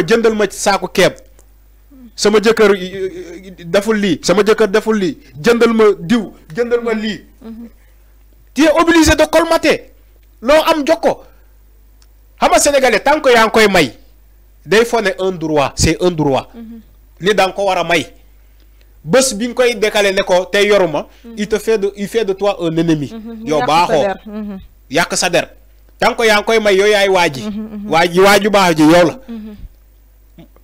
papa jëndal ma saako keeb sama jëkkër deful lii sama jëkkër deful lii jëndal ma diw jëndal ma lii tu es obligé de colmater loo am jox ko xam nga sénégalais tant que yaa ngi koy may day fone un droit c'est un ko a may bés bi nga koy décaler ne ko tey yoruma il te fait de il fait de toi un ennemi yow baaxoo yàq sa der tant que yaa ngi koy may yow yaay waa ji waa ji baax ji yow la mmh, mmh.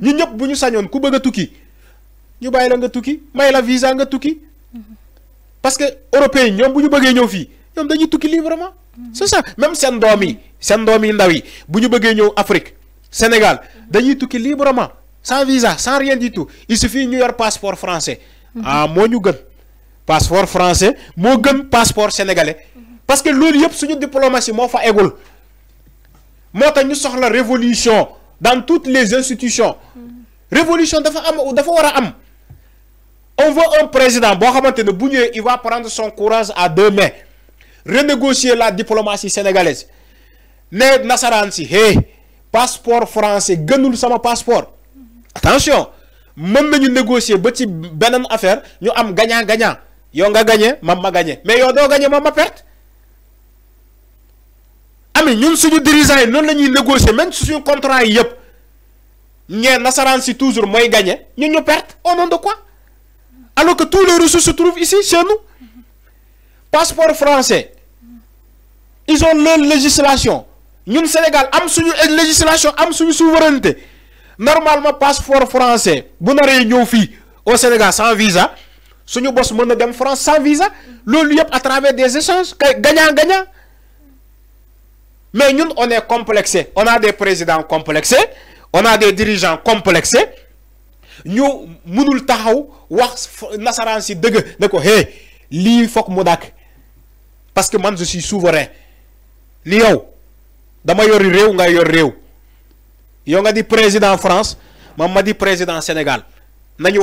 ñu ñëpp buñu ku bëgg tukki ñu la visa nga tukki parce que européens ñoom bu ñu ñëw fii ñoom dañuy librement c'est ça même seen doom yi seen doom yi ndaw yi Afrique Sénégal dañuy tukki librement sans visa sans rien du tout il suffit ñu yor passeport français ah ñu passeport français moo gën passeport sénégalais parce que loolu yëpp suñu diplomatie moo fa révolution dans toutes les institutions révolution on veut un président il va prendre son courage à deux mains renégocier la diplomatie sénégalaise Né nassaranti, hey passeport français Gagnez-nous sama passeport attention même nous négocier ba ci affaire nous avons gagnant gagnant Nous nga gagné maman ma gagné mais yon doo gagné maman ma perte ami ah, nous suñu dirigeant yi noonu Même si négocier avons suñu contrat nous nous, toujours moins gagné Nous, avons perdu au nom de quoi alors que tous les ressources se trouvent ici chez nous passeport français ils ont leur législation ñun Sénégal avons une législation avons une souveraineté normalement passeport français bu nous ñëw au Sénégal sans visa si nous avons une France sans visa nous avons à travers des échanges gagnant gagnant mais nous, on est complexés. On a des présidents complexés. On a des dirigeants complexés. Nous, nous taxaw wax nasaran ne ko hé, li fok modak parce que moi je suis souverain li yow dama yori rew nga yor rew a di président France ma président Sénégal nañu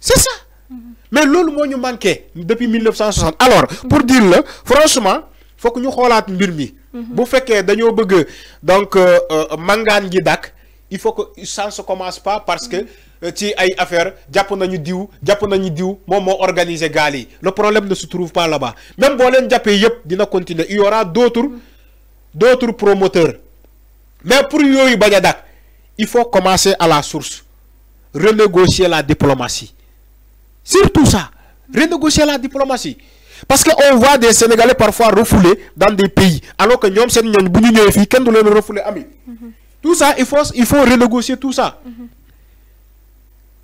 c'est ça mais ce qui ñu depuis 1960 alors pour dire là, franchement faut nous ñu xoolaat mbir mi. Mhm. bu fekkee dañoo bëgg donc euh, euh, Mangan gi il faut que ça se commence pas parce que mhm. euh, ci ay affaire japonais nañu diw jàpp nañu diw moom organiser yi le problème ne se trouve pas là-bas même si leen jàppee yëpp dina continuer il y aura d'autres mhm. d'autres promoteurs mais pour yooyu bañ il faut commencer à la source renégocier la diplomatie tout ça. Renégocier la diplomatie. Parce qu'on voit des Sénégalais parfois refoulés dans des pays. Alors que nous sommes refoulés. Tout ça, il faut, il faut renégocier tout ça.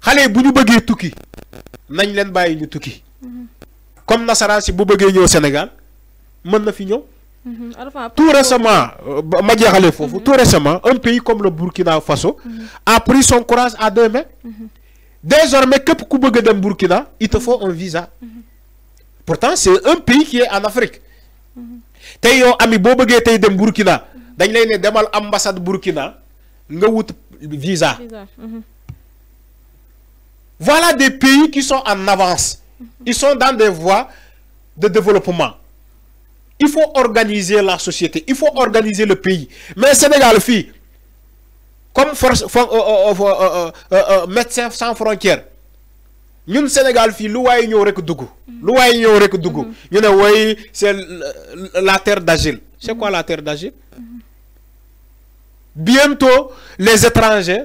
Allez, si nous voulons Tuki, nous allons Tuki. Comme Nassara, si vous voulez au Sénégal, nous mhm. allons tout récemment, euh, mhm. tout récemment, un pays comme le Burkina Faso mhm. a pris son courage à deux mains. Désormais, que pour Burkina, il te faut un visa. Mhm. Pourtant, c'est un pays qui est en Afrique. Mhm. ami de Burkina lay demal ambassade Burkina nga un visa mhm. voilà des pays qui sont en avance ils sont dans des voies de développement il faut organiser la société il faut organiser le pays mais Sénégal fille comme force euh, euh, euh, médecin sans Nous, ñun Sénégal fii lu waay ñëw rek dugg. lu waay ñëw rek mm-hmm. c'est la terre d'Agile. c'est mm-hmm. quoi la terre d'Agile bientôt les étrangers.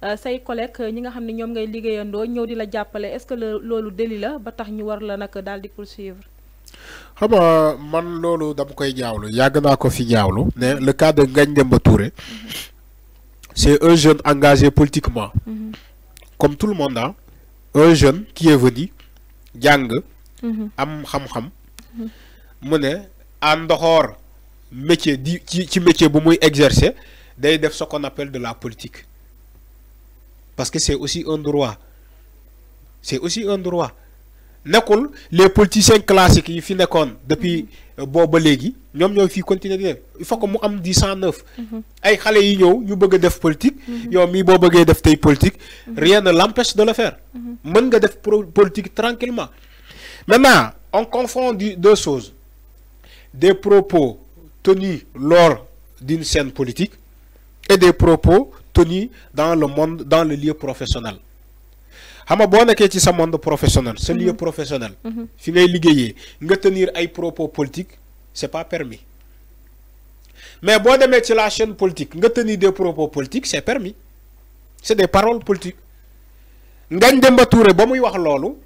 Euh, say collègues euh, ñi nga xam ñom ngay liggéeyandoo ñeu di la jàppale est-ce que lolu délit la ba tax ñu war la nak dal di poursuivre. xaba man lolu dam koy jaawlu yag na ko fi jaawlu ne le cas de gagne Demba Touré mhm. c'est un jeune engagé politiquement mhm. comme tout le monde ah un jeune qui est venu jang mhm. am xam-xam mu ne en métier ci ci métier bu muy exercer day def ce qu'on appelle de la politique parce que c'est aussi un droit c'est aussi un droit les politiciens classiques qui finissent depuis euh, le début ñoom ñooy ils continuer il faut que mu am 109. cent ils mhm. ay xale yi ñëw politique Ils mhm. mii boo bëggee def politique mhm. rien ne l'empêche de le faire mën nga def politique tranquillement maintenant on confond deux choses des propos tenus lors d'une scène politique et des propos tenu dans le monde dans le lieu professionnel Si nga boo nekkee ci monde professionnel ce lieu mhm. professionnel mhm. fi ngay liggéeyee nga tenir ay propos politiques c'est pas permis mais boo demee ci la chaîne politique nga tenir des propos politiques c'est permis c'est des paroles politiques Ngagne Demba Touré ba muy wax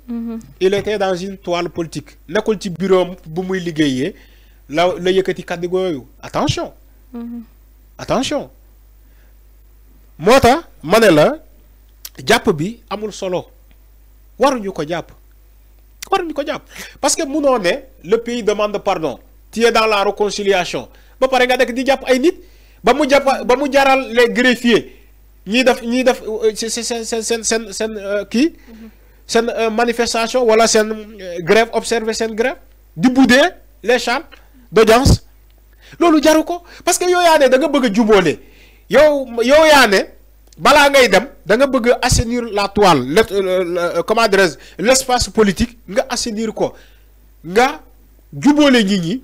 mhm. il était dans une toile politique nekkul ci bureau bu muy Là, la la yëkkati attention attention moto manela japp bi amul solo waruñu ko jàpp waruñu ko japp parce que munoo ne le pays demande pardon tu es dans la réconciliation ba pare nga nekk di japp ay nit ba mu japp ba mu jaral les greffiers ñi def ñi def sen sen sen sen seen kii euh, seen manifestation wala sen euh, grève observer sen grève di boudé les chambres d'audience lolu jaru ko parce que yo yaa ne da nga bëgg jubolé Yo, yo yaa ngay dem assainir la toile le comment politique nga assainir ko nga nit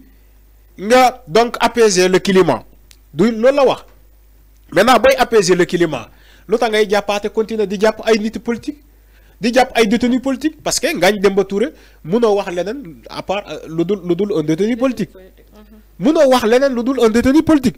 donc apaiser le climat du je wax maintenant apaiser le climat lu ngay jàppaate continuer di ay politique di détenus politique parce que Demba wax à part euh, détenu politique wax détenu politique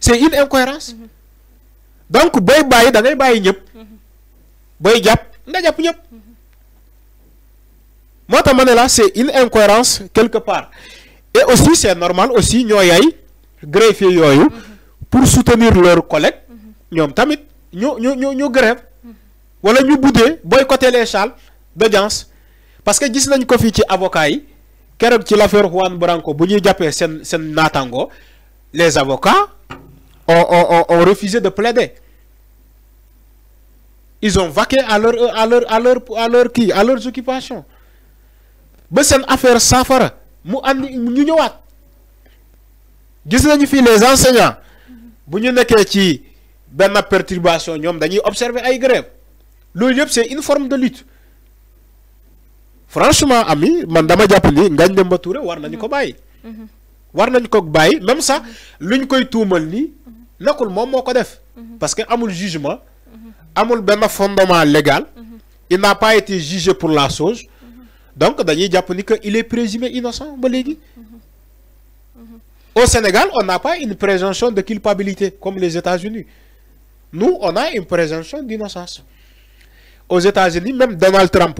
c'est une incohérence donc booy bàyyi da ngay bàyyi ñëpp booy vous nga jàpp ñëpp moo tax ma ne la c'est une incohérence quelque part et aussi c'est normal aussi ñoo yaay greffier yooyu pour soutenir leurs collègues ñoom tamit ñu ñu ñu ñu grève wala ñu buddee boycotter les salles d'audience parce que gis nañ ko fii ci avocat yi keroog ci l'affaire Juan Branco bu ñuy jàppee seen seen naataango les avocats ont, refusé de plaider. Ils ont vaqué à leur à leur à à leur qui à leurs occupations. C'est une affaire safara. mu ñu ñëwaat gis nañu les enseignants bu ñu ci perturbation observer les grèves. c'est une forme de lutte franchement ami man dama jàpp ni vous Demba Touré war même ça, luñ koy tuumal tout nakul monde, moko def. Mhm. parce que amul jugement. amul fondement légal. Mhm. il n'a pas été jugé pour la chose. Mhm. donc dañuy il est présumé innocent au Sénégal on n'a pas une présomption de culpabilité comme les États-Unis nous on a une présomption d'innocence aux États-Unis, même Donald Trump,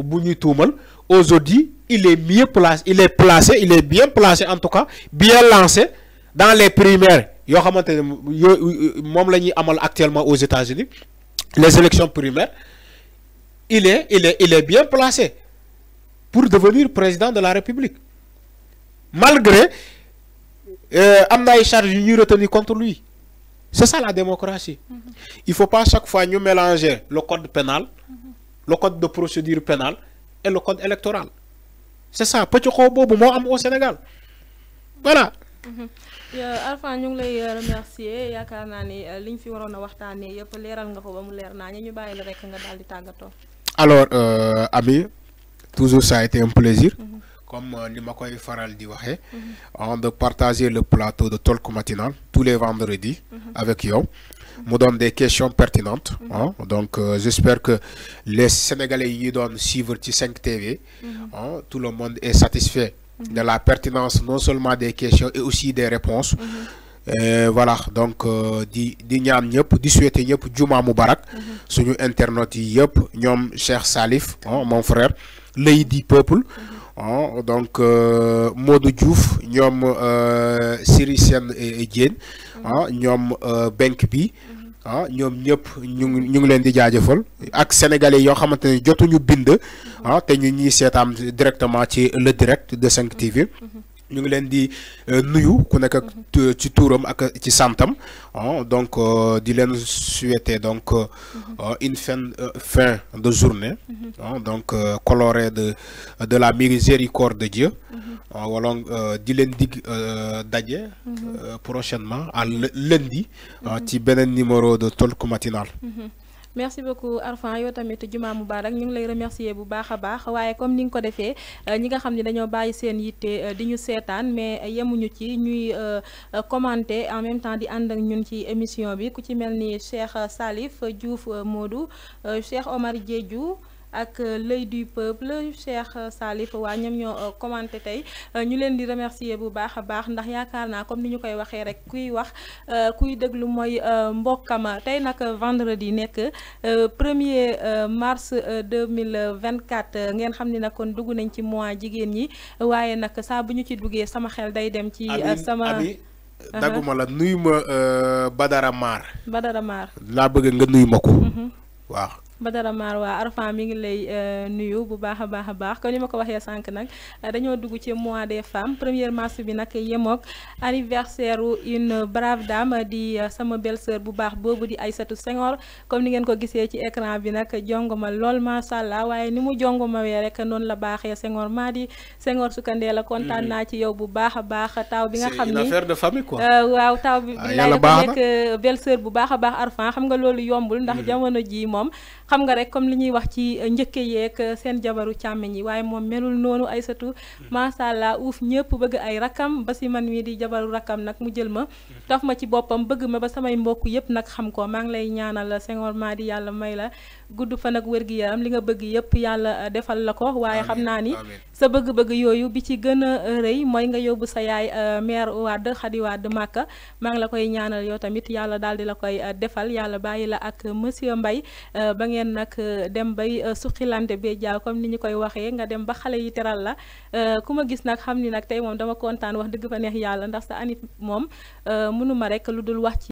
aujourd'hui, il est mieux placé, il est placé, il est bien placé en tout cas, bien lancé dans les primaires. Yo xamantene mom actuellement aux États-Unis les élections primaires il est il est il est bien placé pour devenir président de la République malgré euh, amna ay charges contre lui c'est ça la démocratie. Mm -hmm. Il ne faut pas chaque fois nous mélanger le code pénal, mm -hmm. le code de procédure pénale et le code électoral. C'est ça. Petit bobo, moi, au Sénégal. Voilà. Euh, Alpha ñu ngi lay euh, remercier yaakaar naa ni euh, liñ fi waroon a waxtaanee Vous leeral nga ko ba mu leer naa ñu bàyyi rek nga daal di alors euh, Ami toujours ça a été un plaisir. Mm -hmm comme euh, ni avons faral di on de partager le plateau de Talk Matinal tous les vendredis. avec yo nous donne des questions pertinentes. Hein. donc euh, j'espère que les sénégalais yi donnent suivre 5TV. Hein, tout le monde est satisfait. de la pertinence non seulement des questions et aussi des réponses. voilà donc euh, di di ñaan ñep di souhaiter juma mubarak suñu internautes Yop, ñom Salif hein, mon frère Lady peuple. donc euh, moodu juuf ñoom euh, Siri Sène Diène ah ñoom euh, Benk bi ah ñoom ñëpp ñu ngi ñu ngi leen di jaajëfal ak sénégalais yoo xamante ne jotuñu bind ah te ñu ñuy seetaan directement ci le direct de 5 TV. Nous ngi leen di euh, nuyu ku nekk ak euh, ci tuuram ak ci santam ah, donc euh, di leen souhaiter donc une fin de journée ah, donc colorée de de la miséricorde de Dieu ah, wala di leen dig prochainement à lundi ci petit numéro de Talk Matinal merci beaucoup Arfan yow tamit juma mubarak ñu ngi lay remercier bu baax a baax waaye comme ni nga ko defee euh, ñi nga xam ne dañoo bàyyi seen yitte euh, di ñu seetaan mais euh, yemuñu ci ñuy commenter en même temps di ànd ak ñun ci émission bi ku ci mel ni Cheikh Salif Diouf Modou Cheikh Omar Diédiou ak euh, l'œil du peuple Cheikh euh, Salif waa ñoom ñoo euh, commenté tey ñu leen di remercier bu baax a baax ndax yaakaar naa comme ni ñu koy waxee rek kuy wax kuy déglu mooy mbokkama tey nag vendredi nekk premier mars 2024 ngeen xam ni nag kon dugg nañ ci mois jigéen ñi waaye nag saa bu ñu ci duggee sama xel day dem ci sama uh-huh. dagguma la nuyu ma Badara Maar Badara Maar laa bëgg nga nuyu ma ko mm-hmm. waaw Badara Marwa arfa mi ngi lay eh, nuyu bu baakha baakha baax ko baax comme ni ma ko waxee sànq nag eh, dañoo dugg ci mois des femmes premier mars bi nak yemok anniversaire une brave dame di eh, sama belle-sœur bu baax bobu di Aïssatou Senghor comme ni ngeen ko gisee ci écran bi nak jongoma lol ma sha allah waye ni mu jongomawee rek non la baaxee Senghor maa di Senghor sukkandee la contane mm-hmm. na ci yow bu baax a taw bi nga xamni c'est une affaire de famille quoi euh waaw taw bi ah, bi lay belle-sœur bu baax baax arfa xam nga lolou yombul ndax mm-hmm. jamono ji mom xam nga rek comme li ñuy wax ci euh, njëkke yeek euh, seen jabaru càmmiñ yi waaye moom melul noonu ay satu hmm. macha allah uuf ñëpp bëgg ay rakam ba si man mii di jabaru rakam nag mu jël ma taf hmm. ma ci boppam bëgg ma ba samay mbokk yépp nag xam ko maa ngi lay ñaanal Senghor di yàlla may la gudd fan ak wér gi yaram li nga bëgg yëpp yàlla euh, defal la ko waaye xam naa ni sa bëgg-bëgg yooyu bi ci gën a euh, rëy mooy nga yóbbu sa yaay euh, maire Wade Khady Wade Màkka maa ngi la koy ñaanal yow tamit yàlla daal di la koy defal yàlla bàyyi la ak monsieur mbay ba ngeen nag dem bay suqilante bee jaaw comme ni ñu koy waxee nga dem ba xale yi teral la ku ma gis nag xam ni nag tey moom dama kontaan wax dëgg fa neex yàlla ndax sa anif moom mënuma rek lu dul wax ci